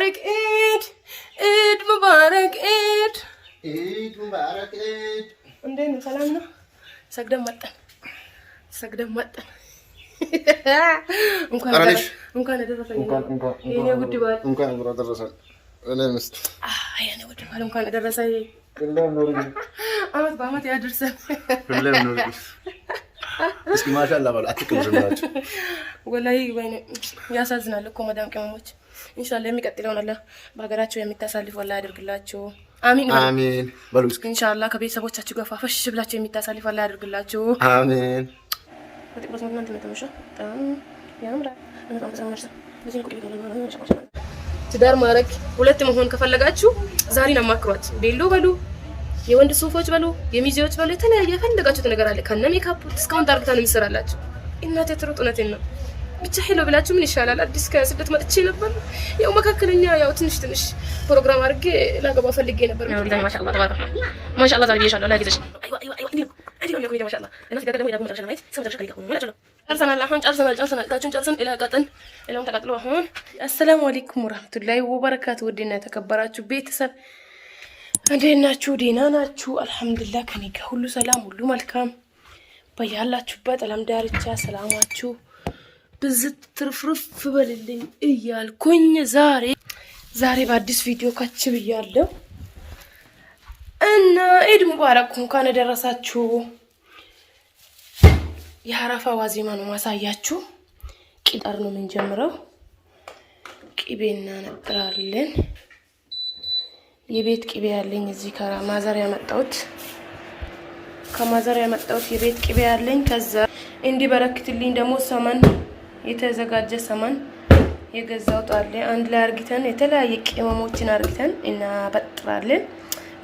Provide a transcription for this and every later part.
ሙባረክ ኢድ ኢድ ሙባረክ ኢድ ኢድ ሙባረክ ኢድ። እንዴት ነው? ሰላም ነው? ሰግደን መጣን፣ ሰግደን መጣን። እንኳን እንኳን ውድ እንኳን አመት በአመት እስኪ በሉ። ወላሂ ያሳዝናል እኮ መዳም ቅመሞች ኢንሻአላ የሚቀጥለውን አላህ በሀገራቸው የሚታሳልፍ አላህ ያደርግላቸው። አሚን አሚን በሉ እስኪ። ከቤተሰቦቻችሁ ጋር ፋፈሽ ብላችሁ የሚታሳልፍ አላህ ያደርግላችሁ። አሚን ትዳር ማድረግ ሁለት መሆን ከፈለጋችሁ ዛሬን አማክሯት። ቤሎ በሉ፣ የወንድ ሱፎች በሉ፣ የሚዜዎች በሉ፣ የተለያየ የፈለጋችሁት ነገር አለ። ከነ ሜካፕ እስካሁን ታርግታን የምትሰራላችሁ እናቴ ትሩጥ እውነቴን ነው። ብቻ ብላችሁ ምን ይሻላል? አዲስ ከስደት መጥቼ ነበር። ያው መካከለኛ ያው ትንሽ ትንሽ ፕሮግራም አድርጌ ላገባ ፈልጌ ነበር። ጨርሰናል። አሁን ጨርሰናል ጨርሰናል ታችን ጨርሰን ኢላቀጥን ኢላም ተቀጥሎ አሁን አሰላሙ አለይኩም ወራህመቱላሂ ወበረካቱ። ውድና የተከበራችሁ ቤተሰብ እንዴት ናችሁ? ደህና ናችሁ? አልሐምዱሊላህ ከኔ ጋር ሁሉ ሰላም፣ ሁሉ መልካም። በያላችሁበት አለም ዳርቻ ሰላማችሁ ብዝት ትርፍርፍ በልልኝ እያልኩኝ ዛሬ ዛሬ በአዲስ ቪዲዮ ካች ብያለሁ እና ኢድ ሙባረክ እንኳን የደረሳችሁ። የአረፋ ዋዜማ ነው ማሳያችሁ። ቂጠር ነው የምንጀምረው። ቂቤ እናነጥራለን። የቤት ቂቤ ያለኝ እዚህ ከማዘር ያመጣሁት ከማዘር ያመጣሁት የቤት ቂቤ ያለኝ ከዛ እንዲበረክትልኝ ደግሞ ሰመን የተዘጋጀ ሰማን የገዛው ጣለ አንድ ላይ አርግተን የተለያየ ቅመሞችን አርግተን እናበጥራለን።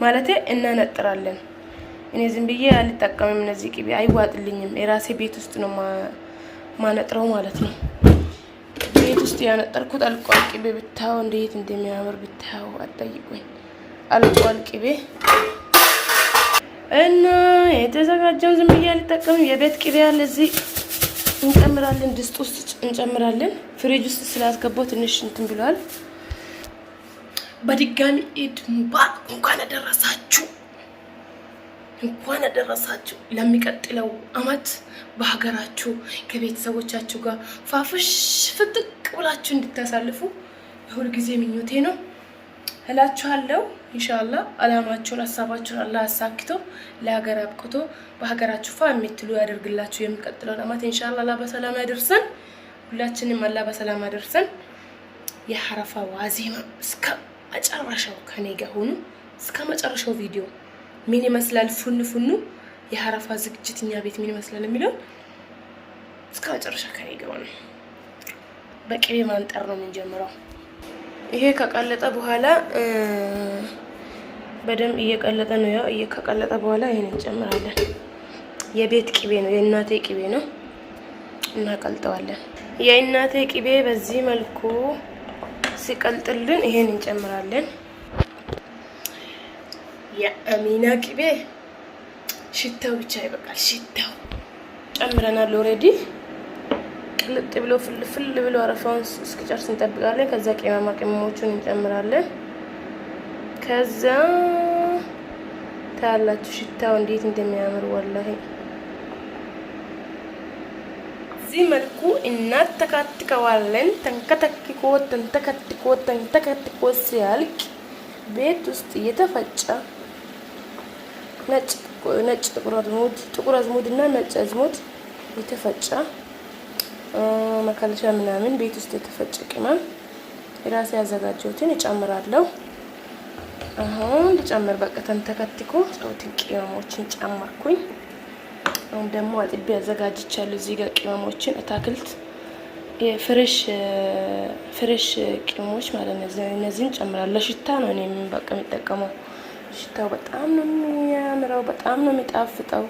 ማለት እናነጥራለን። እኔ ዝም ብዬ አልጠቀምም። እነዚህ ቅቤ አይዋጥልኝም። የራሴ ቤት ውስጥ ነው ማነጥረው ማለት ነው። ቤት ውስጥ ያነጠርኩት አልቋል። ቅቤ ብታው እንዴት እንደሚያምር ብታው አጠይቁኝ። አልቋል ቅቤ እና የተዘጋጀውን ዝም ብዬ አልጠቀምም። የቤት ቅቤ አለ እዚህ እንጨምራለን። ድስት ውስጥ እንጨምራለን። ፍሪጅ ውስጥ ስላስገባው ትንሽ እንትን ብሏል። በድጋሚ ኢድ ሙባረክ እንኳን አደረሳችሁ እንኳን አደረሳችሁ። ለሚቀጥለው አመት በሀገራችሁ ከቤተሰቦቻችሁ ጋር ፋፍሽ ፍጥቅ ብላችሁ እንድታሳልፉ የሁል ጊዜ ምኞቴ ነው። እላችኋለሁ። ኢንሻላ አላማችሁን ሀሳባችሁን አላ አሳክቶ ለሀገር አብቅቶ በሀገራችሁ ፋ የምትሉ ያደርግላችሁ። የሚቀጥለውን አመት ኢንሻላ አላ በሰላም ያደርሰን። ሁላችንም አላ በሰላም ያደርሰን። የሀረፋ ዋዜማ እስከ መጨረሻው ከኔ ጋር ሆኑ። እስከ መጨረሻው ቪዲዮ ምን ይመስላል ፉን ፉኑ የሀረፋ ዝግጅት እኛ ቤት ምን ይመስላል የሚለው እስከ መጨረሻ ከኔ ጋር ሆኑ። በቅቤ ማንጠር ነው የምንጀምረው። ይሄ ከቀለጠ በኋላ በደንብ እየቀለጠ ነው። ያው ከቀለጠ በኋላ ይሄን እንጨምራለን። የቤት ቅቤ ነው፣ የእናቴ ቅቤ ነው። እናቀልጠዋለን። የእናቴ ቅቤ በዚህ መልኩ ሲቀልጥልን ይሄን እንጨምራለን። የአሚና ቅቤ ሽታው ብቻ ይበቃል። ሽታው ጨምረናል ኦልሬዲ ቅልጥ ብሎ ፍልፍል ብሎ አረፋውን እስኪጨርስ እንጠብቃለን። ከዛ ቅመማ ቅመሞቹን እንጨምራለን። ከዛ ታያላችሁ ሽታው እንዴት እንደሚያምር ወላሂ። እዚህ መልኩ እናተካትከዋለን። ተንከተክኮ ተንተከትኮ ተንተከትኮ ሲያልቅ ቤት ውስጥ እየተፈጨ ነጭ ጥቁር አዝሙድ እና ነጭ አዝሙድ የተፈጨ መከለሻ ምናምን ቤት ውስጥ የተፈጨ ቅመም የራሴ ያዘጋጀሁትን እጨምራለሁ። አሁን ልጨምር በቃ ተንተከትኮ ጨውትን ቅመሞችን ጨመርኩኝ። አሁን ደግሞ አጥቤ አዘጋጅቻለሁ። እዚህ ጋር ቅመሞችን አታክልት ፍሬሽ ፍሬሽ ቅመሞች ማለት ነው። እነዚህን ጨምራለሁ። ለሽታ ነው እኔ በቃ የሚጠቀመው። ሽታው በጣም ነው የሚያምረው፣ በጣም ነው የሚጣፍጠው።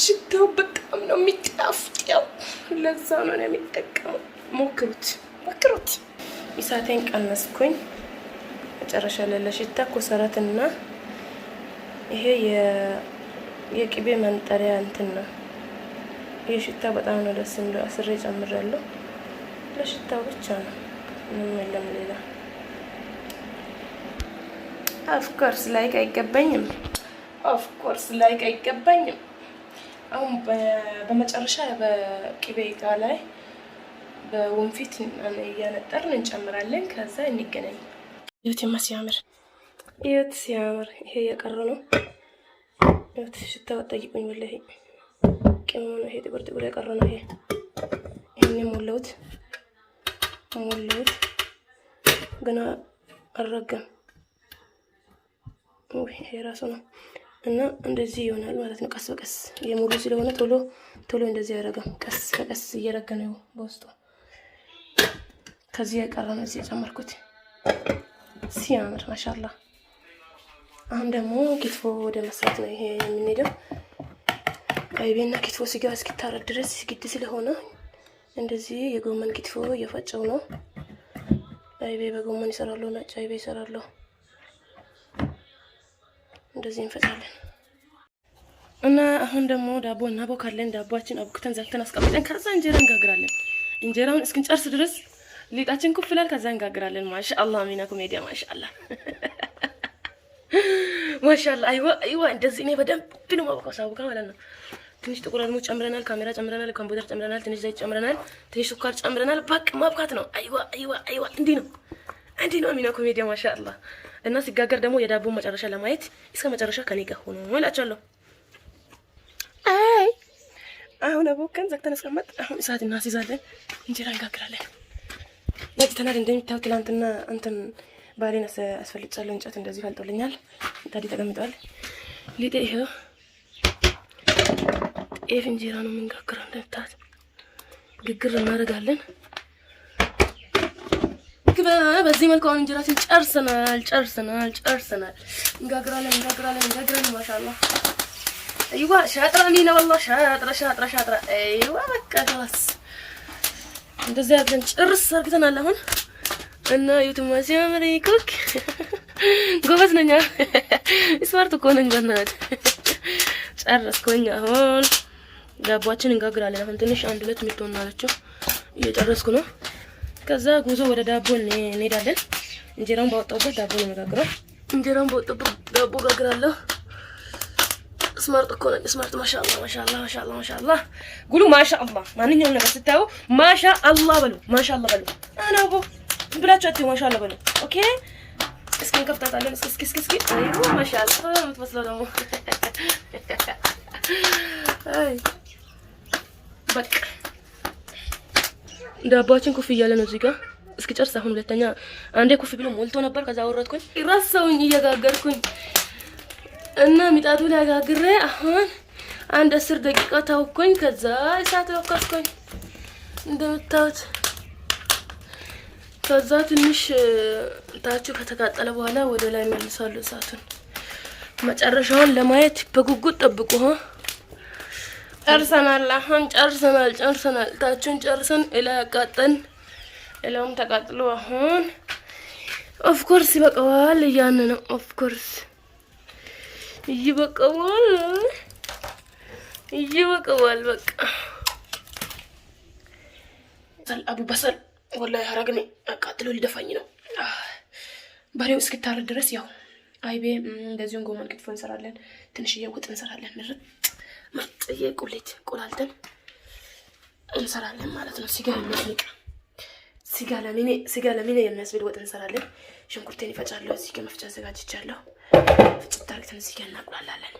ሽታው በጣም ነው የሚጣፍጠው። ለዛ ነው ነው ሞክሩት ሞክሩት። ኢሳቴን ቀነስኩኝ። መጨረሻ ላይ ለሽታ ኮሰረት እና ይሄ የቅቤ መንጠሪያ እንትን ነው። ይህ ሽታ በጣም ነው ደስ የሚለው። አስሬ ጨምራለሁ። ለሽታው ብቻ ነው፣ ምንም የለም ሌላ። ኦፍኮርስ ላይክ አይገባኝም። ኦፍኮርስ ላይክ አይገባኝም። አሁን በመጨረሻ በቅቤ ጋር ላይ በወንፊት እያነጠርን እንጨምራለን። ከዛ እንገናኝ። ይሁት ማ ሲያምር ይሁት ሲያምር። ይሄ የቀረ ነው። ይሁት ሽታው አጠይቁኝ። ወላሂ ቅመሙ ነው ይሄ ጥቁር ጥቁር የቀረ ነው። ይሄ ይህን የሞላሁት ሞላሁት ግና አልረገም። ይሄ ራሱ ነው እና እንደዚህ ይሆናል ማለት ነው። ቀስ በቀስ የሙሉ ስለሆነ ቶሎ ቶሎ እንደዚህ ያደረገም ቀስ በቀስ እየረገ ነው በውስጡ። ከዚህ የቀረነ እዚህ የጨመርኩት ሲያምር ማሻላ። አሁን ደግሞ ኪትፎ ወደ መስራት ነው ይሄ የምንሄደው። አይቤና ኪትፎ ስጋ እስኪታረድ ድረስ ግድ ስለሆነ እንደዚህ የጎመን ኪትፎ እየፈጨው ነው። አይቤ በጎመን ይሰራለሁ፣ ነጭ አይቤ ይሰራለሁ። እንደዚህ እንፈጫለን እና አሁን ደግሞ ዳቦ እናቦካለን። ዳቦችን አቡክተን ዘግተን አስቀምጠን ከዛ እንጀራ እንጋግራለን። እንጀራውን እስክንጨርስ ድረስ ሊጣችን ኩፍላል። ከዛ እንጋግራለን። ማሻአላ ሚና ኮሜዲያ ማሻአላ ማሻአላ። አይዋ አይዋ፣ እንደዚህ ነው። በደንብ ነው ማቦካ ሳቦካ ማለት ነው። ትንሽ ጥቁር አልሞ ጨምረናል፣ ካሜራ ጨምረናል፣ ኮምፒውተር ጨምረናል፣ ትንሽ ዘይት ጨምረናል፣ ትንሽ ስኳር ጨምረናል። በቃ ማብካት ነው። አይዋ አይዋ አይዋ፣ እንዲህ ነው እንዲህ ነው። ሚና ኮሜዲያ ማሻአላ እና ሲጋገር ደግሞ የዳቦ መጨረሻ ለማየት እስከ መጨረሻ ከኔ ጋር ሆኖ እላቸዋለሁ። አይ አሁን አቦከን ዘግተን አስቀመጥ። አሁን እሳት እናስይዛለን፣ እንጀራ እንጋግራለን። ተናድ እንደሚታዩት ትናንትና እንትን ባሌን አስፈልጫለሁ። እንጨት እንደዚህ ፈልጦልኛል። ታዲያ ተቀምጧል። ሊጤ ይኸው ጤፍ እንጀራ ነው የምንጋግረው። እንደምታዩት ግግር እናደርጋለን። ልክ በዚህ መልኩ አሁን እንጀራችን ጨርሰናል ጨርሰናል ጨርሰናል። እንጋግራለን እንጋግራለን እንጋግራለን። ማሻአላ አይዋ ሻጥራ እንዲህ ነው والله ሻጥራ ሻጥራ ሻጥራ አይዋ በቃ خلاص እንደዚህ አድርገን ጭርስ አድርገናል። አሁን እና ዩቱብ ማሲያምሪ ኩክ ጎበዝ ነኝ ስማርት እኮ ነኝ። በእናትህ ጨረስኩኝ። አሁን ዳቦአችን እንጋግራለን። አሁን ትንሽ አንድ ሁለት ሚቶና አለችው እየጨረስኩ ነው ከዛ ጉዞ ወደ ዳቦ እንሄዳለን። እንጀራውን ባወጣሁበት ዳቦ ነው መጋግረው። እንጀራውን ባወጣሁበት ዳቦ ጋግራለሁ። ስማርት እኮ ነኝ። ስማርት ማሻአላ ማሻአላ ማሻአላ ማሻአላ ጉሉ ማሻአላ። ማንኛውም ነገር ስታዩ ማሻአላ በሉ፣ ማሻአላ በሉ። አና አናቦ ብላችሁ አትዩ፣ ማሻአላ በሉ። ኦኬ እስኪ እንከፍታታለን። እስኪ እስኪ እስኪ እስኪ አይዮ ማሻአላ የምትመስለው ደግሞ አይ በቃ ዳባችን ኩፍ እያለ ነው እዚህ ጋር እስኪጨርስ። አሁን ሁለተኛ አንዴ ኩፍ ብሎ ሞልቶ ነበር። ከዛ ወረድኩኝ፣ ረሳሁኝ እየጋገርኩኝ እና ሚጣቱ ላይ ጋግሬ አሁን አንድ አስር ደቂቃ ታውኩኝ። ከዛ እሳት ወከስኩኝ እንደምታዩት። ከዛ ትንሽ ታችሁ ከተቃጠለ በኋላ ወደ ላይ መልሳሉ እሳቱን። መጨረሻውን ለማየት በጉጉት ጠብቁ። ጨርሰናል። አሁን ጨርሰናል ጨርሰናል ታችን ጨርሰን እላቀጥን እለውም ተቃጥሎ አሁን ኦፍኮርስ ይበቃዋል እያን ነው። ኦፍኮርስ ይበቃዋል ይበቃዋል። በቃ ሰል አቡ በሰል ወላሂ ሀረግኔ አቃጥሎ ሊደፋኝ ነው። በሬው እስክታረድ ድረስ ያው አይቤ እንደዚሁም ጎመን ክትፎ እንሰራለን። ትንሽዬ ወጥ እንሰራለን። ምርጥ ምርጥ የቁሌት ቆላልተን እንሰራለን ማለት ነው። ስጋ የሚያስንቅ ስጋ ለሚኔ የሚያስብል ወጥ እንሰራለን። ሽንኩርቴን ይፈጫለሁ። እዚህ ጋር መፍጫ አዘጋጅቻለሁ። ፍጭት አድርገን እዚህ ጋር እናቁላላለን።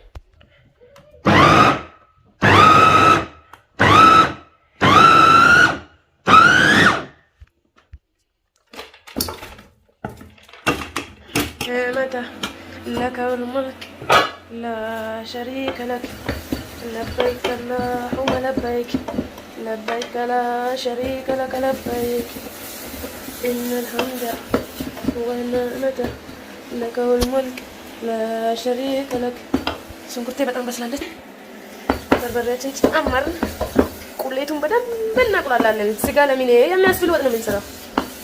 متى لك الملك لا شريك ለበይከ አላሁመ ለበይክ ለበይከ ላ ሸሪከ ለከ ለበይክ ኢነል ሐምደ ወነዕመተ ለከ ወልሙልክ ላ ሸሪከ ለክ። ሽንኩርቴ በጣም በስላለች። በርበሬያችን ጨመር። ቁሌቱን በደንብ እናቁላላለን። ስጋ ለሚኔ የሚያስብል ወጥ ነው የምንሰራው።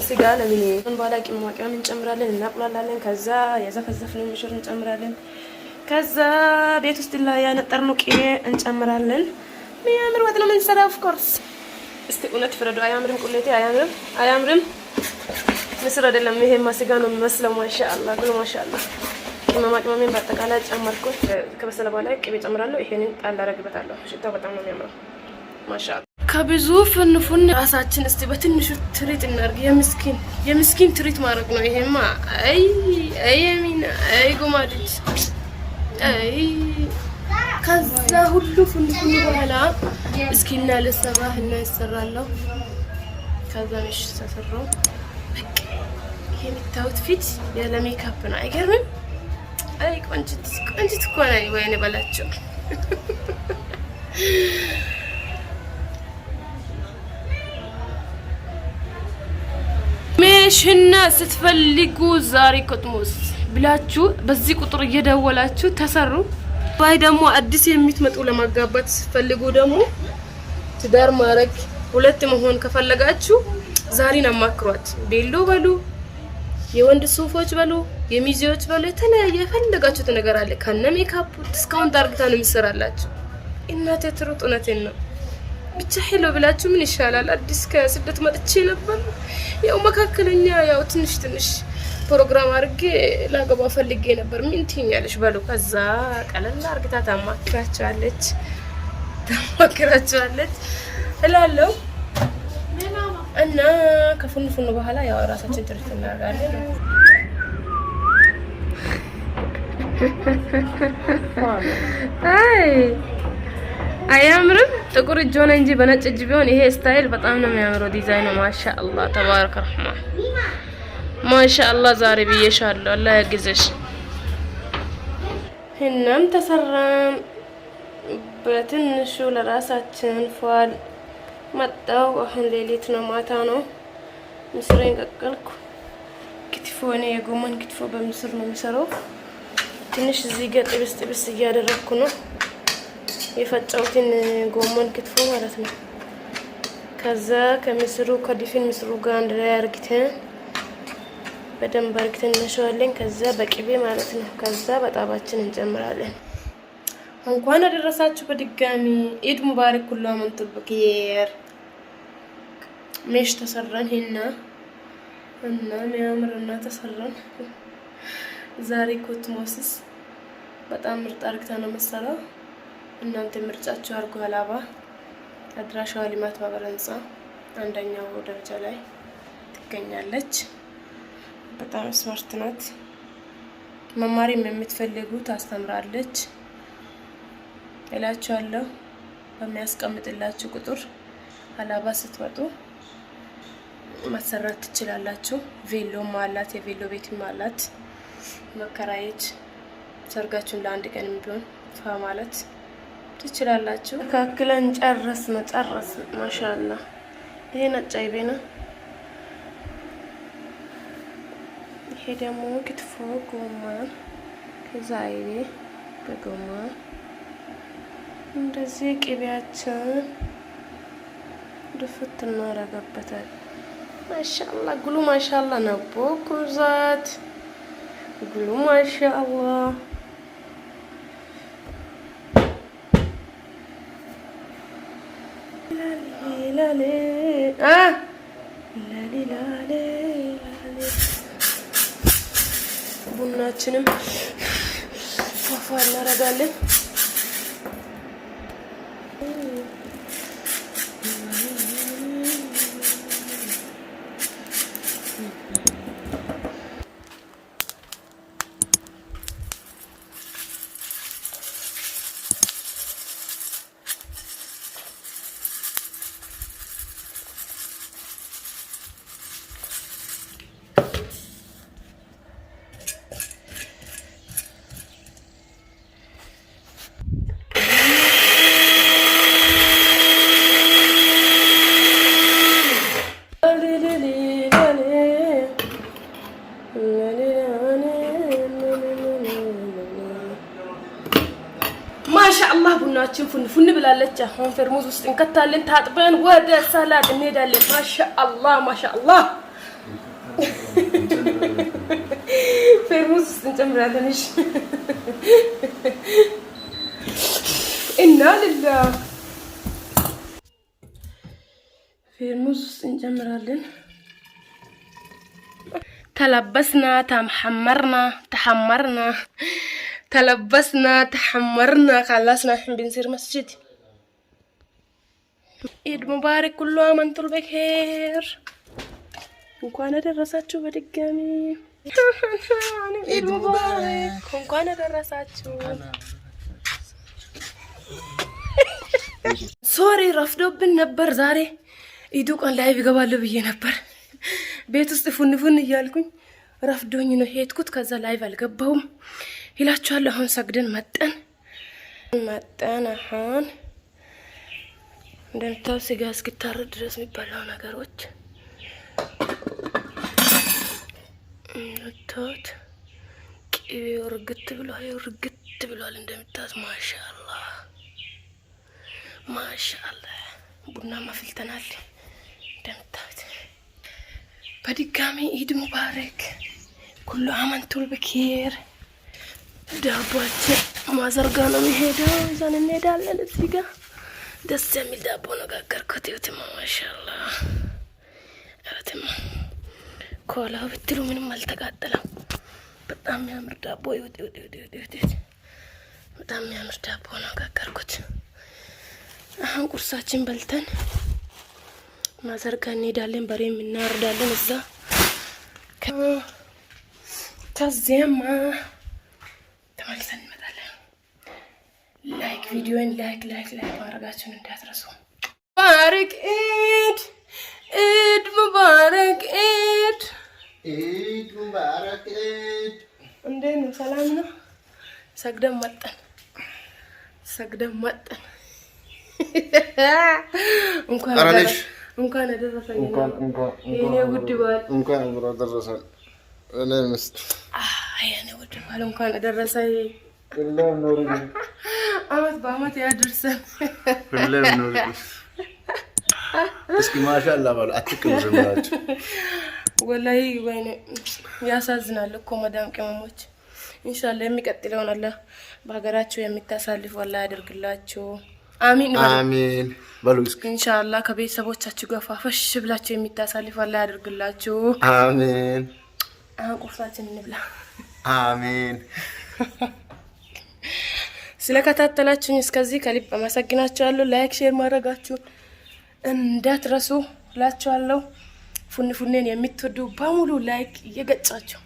ስጋ ለሚኔ በኋላ ቂም እንጨምራለን፣ እናቁላላለን። ከዛ የዘፈዘፍነውን ምስር እንጨምራለን። ከዛ ቤት ውስጥ ላይ ያነጠርነው ቅቤ እንጨምራለን። የሚያምር ወጥ ነው የምንሰራ። ኮርስ እስቲ እውነት ፍረዱ። አያምርም? ቁሌቴ አያምርም? አያምርም? ምስር አይደለም ይሄ ማስጋ ነው የሚመስለው። ማሻአላ ግሎ ማሻአላ ቅመማ ቅመሜን በአጠቃላይ ጨመርኩት። ከበሰለ በኋላ ቅቤ ጨምራለሁ። ይሄንን ጣል አደርግበታለሁ። ሽታው በጣም ነው የሚያምረው። ማሻአላ ከብዙ ፍንፉን ራሳችን እስቲ በትንሹ ትሪት እናርግ። የምስኪን የምስኪን ትሪት ማድረግ ነው ይሄማ። አይ አይ አሚና አይ ጎማድጅ ከዛ ሁሉ ፍንፍን በኋላ እስኪ እና ልሰራህ እና ይሰራለሁ። ከዛ ሽ ተሰራው ይሄ የምታዩት ፊት ያለ ሜካፕ ነው። አይገርምም? አይ ቆንጅት ቆንጅት እኮ ነኝ። ወይኔ በላቸው ሜሽና ስትፈልጉ ዛሬ ኮትሞስ ብላችሁ በዚህ ቁጥር እየደወላችሁ ተሰሩ። ባይ ደግሞ አዲስ የሚትመጡ ለማጋባት ስትፈልጉ ደግሞ ትዳር ማረግ ሁለት መሆን ከፈለጋችሁ ዛሬን አማክሯት። ቤሎ በሉ፣ የወንድ ሱፎች በሉ፣ የሚዜዎች በሉ፣ የተለያየ የፈለጋችሁት ነገር አለ። ከነ ሜካፕ ዲስካውንት ታርግታ ነው የምሰራላችሁ። እናቴ ትሩጥ እውነቴን ነው። ብቻ ሄሎ ብላችሁ ምን ይሻላል? አዲስ ከስደት መጥቼ ነበር። ያው መካከለኛ፣ ያው ትንሽ ትንሽ ፕሮግራም አድርጌ ላገባ ፈልጌ ነበር። ምን ትይኛለሽ በሉ። ከዛ ቀለል አርግታ ታማክራቸዋለች ታማክራቸዋለች እላለሁ እና ከፉን በኋላ ያው ራሳችን ትርኢት እናደርጋለን። አይ አያምርም? ጥቁር እጅ ሆነ እንጂ በነጭ እጅ ቢሆን ይሄ ስታይል በጣም ነው የሚያምረው ዲዛይኑ። ማሻአላህ ተባረከ ረህማን ማሻአላ ዛሬ ብዬሻለሁ። አላህ ያግዘሽ። እናም ተሰራም በትንሹ ለራሳችን ፏል መጣው። አሁን ሌሊት ነው፣ ማታ ነው። ምስሬን ቀቀልኩ። ክትፎ እኔ የጎመን ክትፎ በምስር ነው የሚሰራው። ትንሽ እዚህ ጋር ጥብስ ጥብስ እያደረግኩ ነው የፈጨሁትን ጎመን ክትፎ ማለት ነው። ከዛ ከምስሩ ከድፍን ምስሩ ጋር አንድ ላይ አርግተን በደንብ አርግተን እናሸዋለን። ከዛ በቅቤ ማለት ነው። ከዛ በጣባችን እንጨምራለን። እንኳን አደረሳችሁ በድጋሚ ኢድ ሙባረክ። ሁሉ አመን ጥብቅየር ሜሽ ተሰራን ሄና እና ሚያምርና ተሰራን። ዛሬ ኮትሞስስ በጣም ምርጥ አርግታ ነው መሰራው። እናንተ ምርጫችሁ አርጎ አላባ አድራሻዋ ሊማት ማበረንጻ አንደኛው ደረጃ ላይ ትገኛለች። በጣም ስማርት ናት። መማሪም የምትፈልጉት አስተምራለች እላችኋለሁ። በሚያስቀምጥላችሁ ቁጥር አላባ ስትመጡ መሰራት ትችላላችሁ። ቬሎም አላት፣ የቬሎ ቤትም አላት። መከራየች ሰርጋችሁን ለአንድ ቀን ቢሆን ፋ ማለት ትችላላችሁ። መካከለን ጨረስ መጨረስ ማሻላ ይሄ ነጭ አይቤ ነው። ይሄ ደግሞ ክትፎ ጎማ ከዛ በጎማ እንደዚህ ቅቤያችን ድፍት እናረገበታል። ማሻላ ጉሉ ማሻላ ነቦ ኩምዛት ጉሉ ማሻአላ ላሌ ላሌ ላሌ ላሌ ቡናችንም ፏፏ እናደርጋለን። ማሻአላህ ቡናችን ፉን ፉን ብላለች። አሁን ፈርሙዝ ውስጥ እንከታለን። ታጥበን ወደ ሰላድ እንሄዳለን። ማሻአላህ ማሻአላህ ፈርሙዝ ውስጥ እንጨምራለን እና ልላ فيرموز نجمرالين تلبسنا تحمرنا تحمرنا تلبسنا تحمرنا خلصنا الحين بنصير مسجد عيد مبارك كل عام وانتم بخير وكان درساتكم بدقامي عيد مبارك وكان درساتكم سوري رفضوا بالنبر زاري ኢዱ ቀን ላይ እገባለሁ ብዬ ነበር። ቤት ውስጥ ፉን ፉን እያልኩኝ ረፍዶኝ ነው ሄድኩት። ከዛ ላይቭ አልገባውም። ይላችኋለሁ። አሁን ሰግደን መጠን መጠን አሁን እንደምታው ስጋ እስኪታረድ ድረስ የሚበላው ነገሮች ምታት ቅቤው እርግት ብሏል፣ እርግት ብሏል። እንደምታስ ማሻአላህ ማሻአላህ ቡና ማፍልተናል። እንደምታዩት በድጋሚ ኢድ ሙባረክ ኩሉ አመንቱል በኬር ዳቦችን ማዘርጋ ነው የሚሄደው። እዛን እንሄዳለን። እዚህ ጋ ደስ የሚል ዳቦ ነው ይኸውትማ ማሻላ ይኸውትማ ኮላ ብትሉ ምንም አልተቃጠለም። በጣም የሚያምር ዳቦ ይወጥ በጣም የሚያምር ዳቦ ነው ጋገርኩት። አሁን ቁርሳችን በልተን ማሰርካ እንሄዳለን። በሬም እናርዳለን እዛ። ከዚያማ ተመልሰን እንመጣለን። ላይክ ቪዲዮን ላይክ ላይክ ላይክ ማድረጋችሁን እንዳትረሱ። ባረክ ኢድ ኢድ ሙባረክ ኢድ ኢድ ሙባረክ ኢድ። እንዴት ነው? ሰላም ነው? ሰግደን መጠን ሰግደን መጠን እንኳን እንኳን አደረሰን የእኔ ውድ ባል፣ እንኳን አብሮ አደረሰን። እኔ ምስት የእኔ ውድ ባል እንኳን ኖሪ አመት በአመት ኖሪ እስኪ ማሻአላ ባሉ አትቀምሩ ማለት ወላሂ ወይኔ ያሳዝናል እኮ መዳም ቅመሞች። ኢንሻአላህ የሚቀጥለውን አላህ በሀገራችሁ የሚታሳልፍ ወላሂ ያደርግላችሁ። አሚን አሚን በሉ እስኪ ኢንሻአላህ ከቤተሰቦቻችሁ ጋር ፋፈሽ ብላችሁ የሚታሳልፍ አላህ ያድርግላችሁ። አሚን። አሁን ቁርሳችን እንብላ። አሚን። ስለከታተላችሁኝ እስከዚህ ከልብ አመሰግናችኋለሁ። ላይክ፣ ሼር ማድረጋችሁ እንዳትረሱ እላችኋለሁ። ፉን ፉኔን የምትወዱ በሙሉ ላይክ እየገጫችሁ